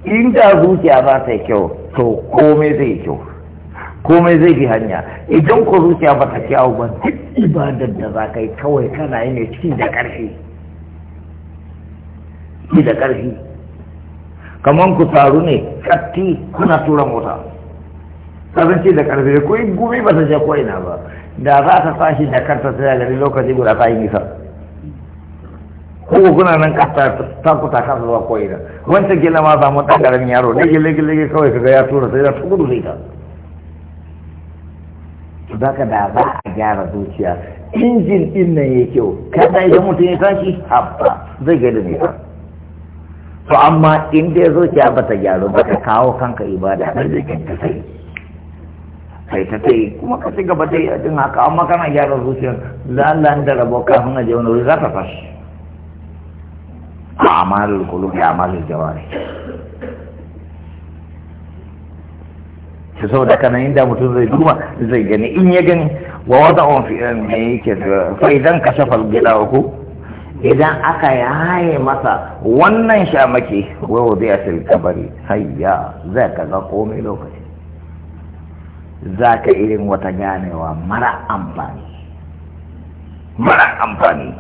in da zuciya za ta yi kyau to komai zai yi kyau komai zai bi hanya idan ko zuciya ba ta kyawu ba duk ibadar da za ka yi kawai kana yi ne ci da ƙarfi ci da ƙarfi kamar ku taru ne katti kuna tura mota ci da ƙarfi ko gumi ba ta je ko ina ba da za ta tashi da kanta sai gari lokaci guda ta yi nisa ko kuna nan kasta ta ta kasa zuwa ko ina wancan gila ma samu ɗan ƙaramin yaro ne gile gile kawai kaga ya tura sai da ta zai ta zaka da za a gyara zuciya injin din nan ya kyau kada idan mutum ya tashi habba zai gani ne ba to amma in dai zuciya ba ta gyaru ba ka kawo kanka ibada har zai ta sai kai ta sai kuma ka ci gaba ta yi a din haka amma kana gyara zuciya? lallan da rabo kafin a je wani wuri za ta fashi a amalul kulub ya amalul jawari shi da kana inda mutum zai duba zai gani in ya gani wa wata on fi ne eh, yake fa idan shafa gida uku, idan aka yaye masa wannan shamaki wa a fil kabari hayya zai kaga komai lokaci za ka irin wata ganewa mara amfani mara amfani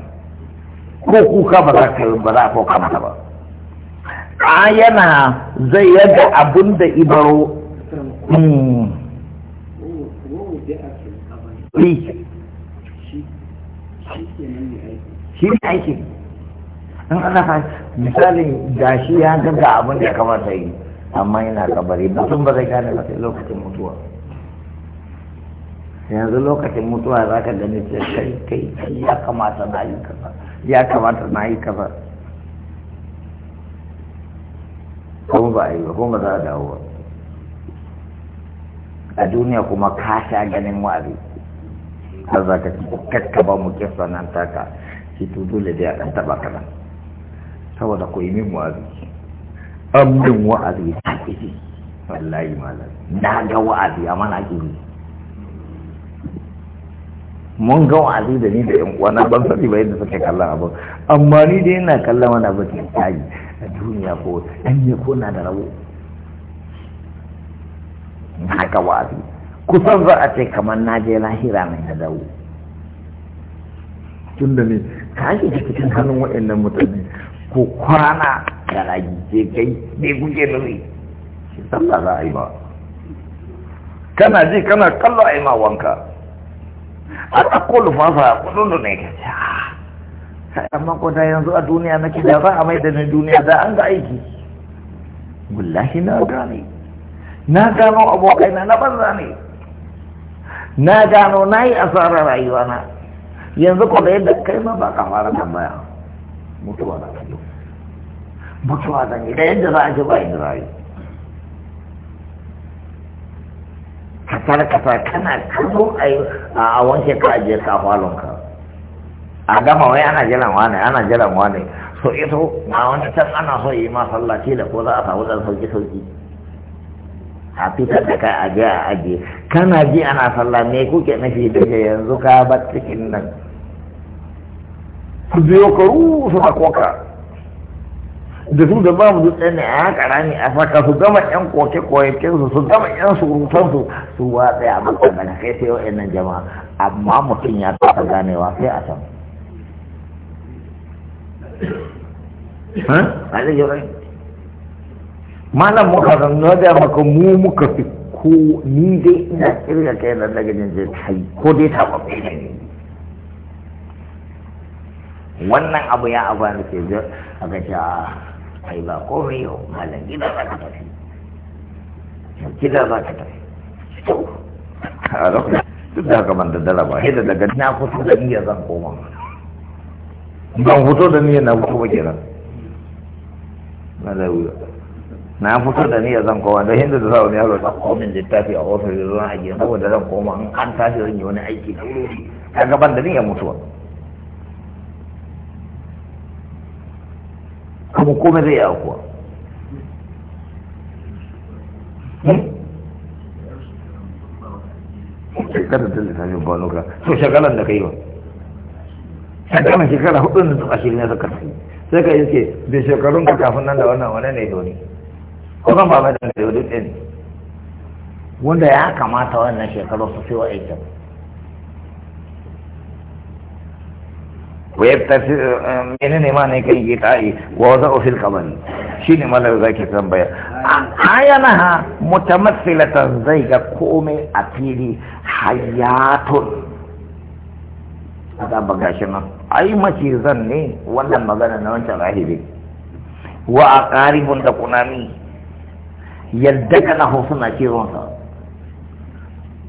ko kuka ba za ka ba za ka mata ba a yana zai yadda abin da ibaro shi ne aiki in ana fa misalin gashi ya gaga abin da ya kamata yi amma yana kabari mutum ba zai gane ba sai lokacin mutuwa yanzu lokacin mutuwa za ka gani ce kai kai ya kamata na yi kaza ya kamata na yi kaza kuma ba a yi ba kuma za a dawo ba a duniya kuma ka sha ganin wa'azi har za ka kakkaba mu kisa nan taka shi to dole dai a ɗan taɓa nan saboda ku yi min wa'azi abin wa'azi ta ƙi wallahi malam na ga wa'azi a na yi. mun ga wa'azi da ni da yan uwa na ban sani ba yadda suke kallon abu amma ni dai ina kallon wani abu ke tayi a duniya ko ɗan ne ko na da rabo na ga wazi kusan za a ce kamar na je lahira mai na dawo tun da ne ka shi cikin hannun waɗannan mutane ko kwana da ragi ce kai ne kuke da zai shi sallah za a yi ba kana ji kana kallo a yi ma wanka a ɗauko lufasa a kudin ne ka ce sai ah, amma ko yanzu a duniya na kida za a mai da ni duniya da an ga aiki wallahi na gane na gano abokaina na banza ne na gano na yi asarar rayuwa na yanzu kuma da yadda kai ma ba ka tambaya mutuwa da kajo mutuwa da ne da yadda za a ji ba yin rayu kasar kasar kana kano a wanke ka ajiye ka falonka a gama wai ana jiran wane ana jiran wane so ito na wani can ana so yi ma sallaci da ko za a samu dan sauki sauki a fitar da kai a je a aje kana ji ana sallah me kuke nufi daga yanzu ka bar cikin nan ku biyo ka rusu a koka da su da babu dutse ne a haka rami a saka su gama yan koke koyakin su gama yan surutan su su watsa a maka daga kai sai yau wa'annan jama'a amma mutum ya taɓa ganewa sai a can. Ha? Ada juga. malam muka zanno da maka mu muka fi ko ni dai ina kirga kai na daga jin zai kai ko dai ta ba wannan abu ya abu da ke zai a ga ta ah, ai ba komai yau malam gida ba ta tafi gida ba ta tafi a lokacin duk da haka ban da dala ba da daga na fito da niyyar zan koma ban fito da niyyar na fito ba kenan na da wuya na fito da niyyar zan koma don hindu da sa wani yaro zan komin littafi a ofis da zuwa a gidan saboda zan koma in an tashi zan yi wani aiki da wuri ta gaban da niyyar mutuwa kuma kome zai yi akuwa hmm? kada ta littafin banuka so shagalan da ka yi wa, shekara hudu da ashirin na zakar sai ka yi ce bai shekarun ka kafin nan da wannan wane ne doni. kusan ba mai da mai duk ɗin wanda ya kamata wannan shekaru su fi wa'aikin wa fi eh, mene ne ma ne kai yi ta'i wa waza ofil kamar shi ne malar za ki tambaya ayana ha mutamassilatan zai ga komai a fili hayatun a ba gashi nan ai zan ne wannan magana na wancan rahibi wa a ƙaribun da kunami yadda kana ho suna kiwon sa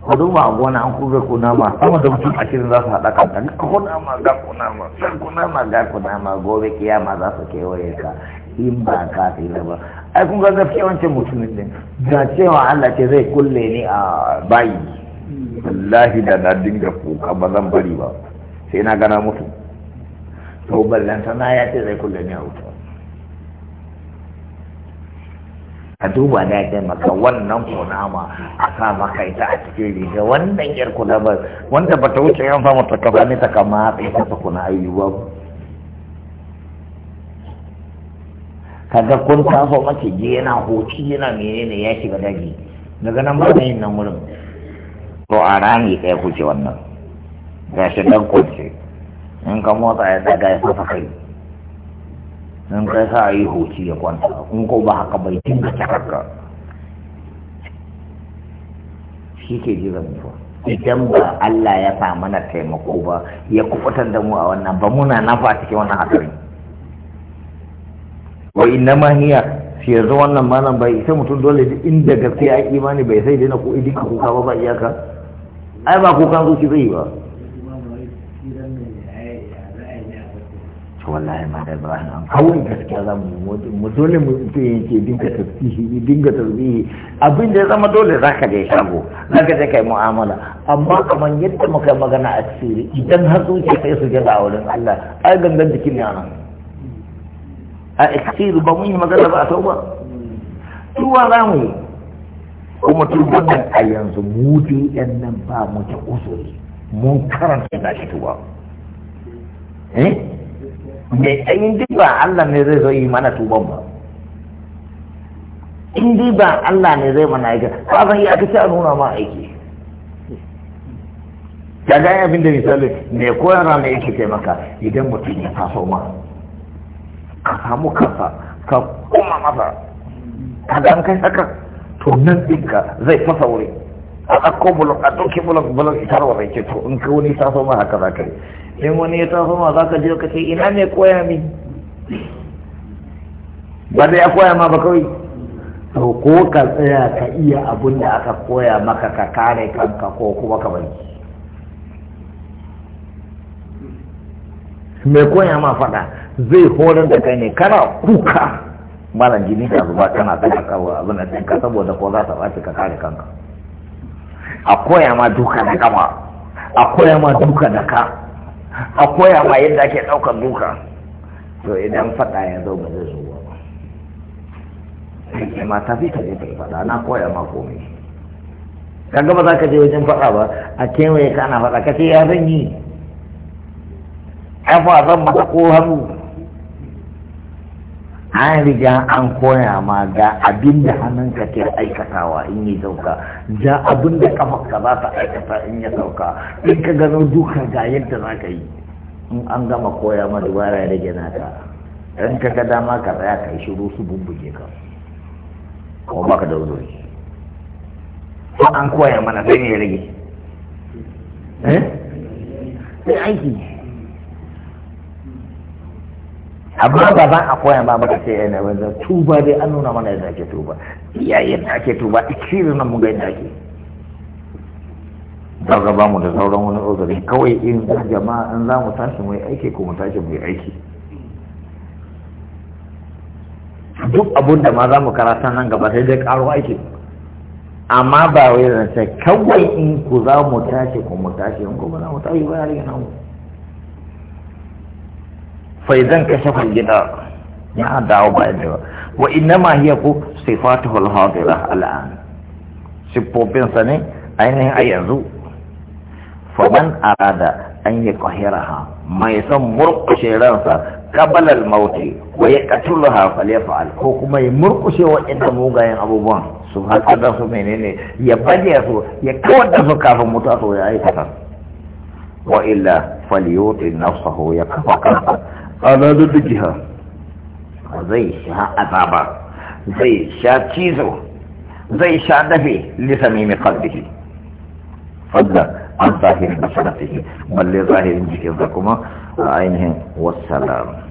ku duba a gona an kuga kunama sama da mutum ashirin za su haɗa kanta ga kunama ga kunama ga kunama ga kunama gobe kiyama za su kewaye ka in ba ka tsira ba ai kun ga gaskiya wancan mutumin din da cewa Allah ce zai kulle ni a bayi wallahi da na dinga kuka ba zan bari ba sai na gana mutu to ballan sana ya ce zai kulle ni a wuta ka duba da ya maka wannan kunama a sa maka ita a cikin riga wannan yar kunama wanda ba ta wuce yan fama ta kafa ne ta kama a tsaye ta ta kuna ayyuwa kaga kun taso mace je yana hoci yana menene ya shiga daji daga nan ba yin nan wurin to a rami ɗaya kuce wannan gashi dan kwance in ka motsa ya daga ya fasa kai nan kai sa a yi hoci ya kwanta in ko ba haka bai tinka ka. shi ke jiran mutuwa idan ba Allah ya sa mana taimako ba ya kubutar da mu a wannan ba muna nan fa cikin wannan hatsari wa inna ma hiya shi yanzu wannan malam bai sai mutum dole inda gaskiya imani bai sai dai na ko idika kuka ba ba iyaka ai ba kukan zuci zai ba wallahi ma da ibrahim an kawai gaskiya za mu mu dole mu yake dinga tasbihi dinga tasbihi abin da ya zama dole za ka je shago za ka je kai mu'amala amma kamar yadda muka magana a cikin idan har ce sai su gaza a wurin Allah ai gangan jikin ne anan a iksiru ba mun yi magana ba a tauba tuwa za mu yi kuma tuban nan a yanzu mu dai yan nan ba mu ta usuri mun karanta da shi tuwa eh me ɗayin duk ba Allah ne zai zo yi mana tuban ba in dai ba Allah ne zai mana aiki ba zan yi aka ce a nuna ma aiki ya gani abin da misali mai koyar rana yake taimaka idan mutum ya taso ma ka samu kansa ka kuma masa ka ga kai haka to nan dinka zai fasa wuri a ɗauko bulon a ɗauke bulon bulon ita rawa rai ce to in ka wani taso ma haka za ka yi in wani ya taso ma za ka je ka ce ina ne koya min ba dai ya koya ma ba kawai to ko ka tsaya ka iya abun da aka koya maka ka kare kanka ko kuma ka bai mai koya ma faɗa zai horar da kai ne kana kuka malam jini da zuba kana tsaka kawo abin da ka saboda ko za ta bace ka kare kanka a koya ma duka da kama a koya ma duka da ka a koya ma yadda ake ɗaukar duka to idan faɗa ya zo ba zai zo ba ma tafi fi kaje ta faɗa na koya ma komai kaga ba za ka je wajen faɗa ba a kewaye ka faɗa ka ce ya zan yi ai fa zan mata ko hannu an riga an koya ma ga abin da hannunka ke aikatawa in yi sauka ga abin da kafarka za ta aikata in ya sauka in ka gano duka ga yadda za ka yi in an gama koya ma dubara ya rage naka in ka ga dama ka tsaya ka yi shiru su bumbuke ka kuma ka da wuri an koya mana sai ne ya rage eh sai aiki amma ba za a koya ba baka ce yana wanda tuba dai an nuna mana yadda ake tuba iyayen da ake tuba ikiri nan mun ga yadda ake daga ba mu da sauran wani ozari kawai in jama'a an za mu tashi mu yi aiki ko mu tashi mu yi aiki duk abun da ma za mu karata nan gaba sai dai karo aiki amma ba wai zance kawai in ku za mu tashi ko mu tashi in ku ba za mu tashi ba ya rage namu faizan kashafa gida ya dawo bayan da wa inna ma hiya ku sifatuhu hadira al'an sifofin sa ne ainihin a yanzu faman arada an yi ha. mai son murkushe ransa qabala mauti wa yaqtuluha falyaf'al ko kuma ya murkushe inda mugayen abubuwan su haka da su menene ya baje su ya kawar su kafin mutuwa ya aikata wa illa na nafsahu ya kafa kansa ala duddukiha zai sha azaba zai sha cizo zai sha dafe lisamimi qalbihi fadda an zahirin basaratihi balle zahirin jikinsa kuma a ainihin wassalam